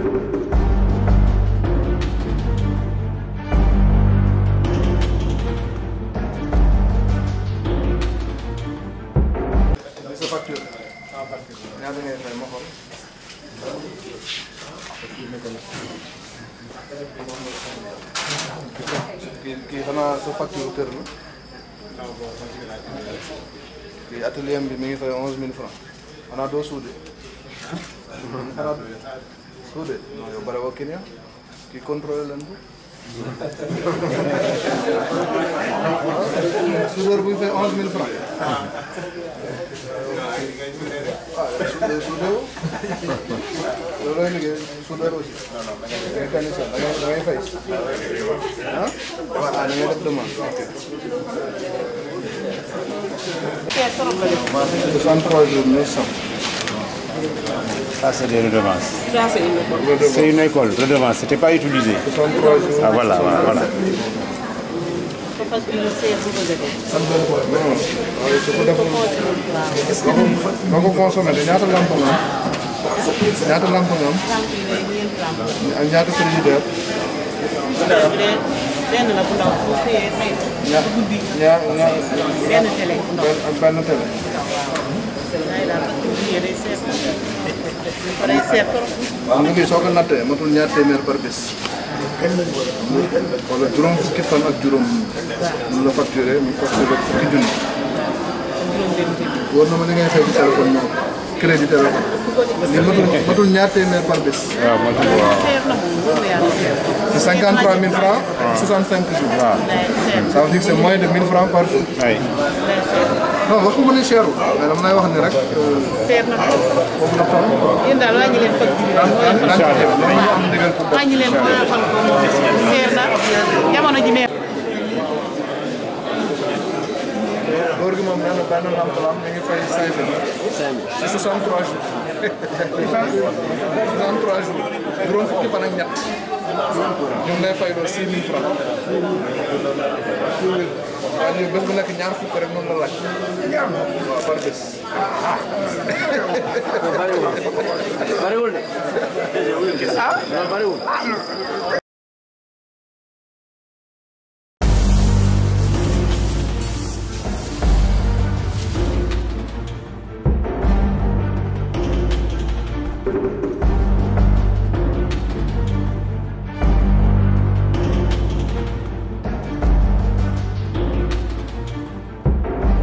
kii xanaa sa facture kër kii atelier bi mi ngi onze mille francs xanaa doo suude suude non yo mbaɗa wakkine o ki contrôle lan bo soudeur buy fay onze mille franc soudeur soudeur loolu lay liggéey soudeur aussi dangay tànn sa dangay dangay fay ah waaw da ngay def demande soixante trois jours neuf cent Ça, c'est des redevances. Ça, c'est une école. C'est une école, redevance. C'était pas utilisé. Ah, voilà, voilà, voilà. nga ko consommé te ñaata lamp nga am ñaata lamp nga am ñaata frigidaire benn la bu ndaw bu xëyee benn télé waaw mu ngi soo ko nattee matul ñaar téeméer par bés. wala juróom fukki fan ak juróom. mu la facturé mu facturé fukki junni. wóor na ma li ngay fay téléphone moom crédit téléphone. matul ñaar téeméer par bés. waaw ah, matul waaw. c'est francs. 65 ah. jours. waaw. Ah. ça veut moins de 1000 francs par jour. oui. non waxuma ne cherul. mais wax ni rek. Euh, moom nee na benn lamp la am ñu ngi fay cinq mille. cinq mille ci ñun bés bu nekk ñaar fukk rek noonu la laaj. waaw par bés. bariwul ah. bariwul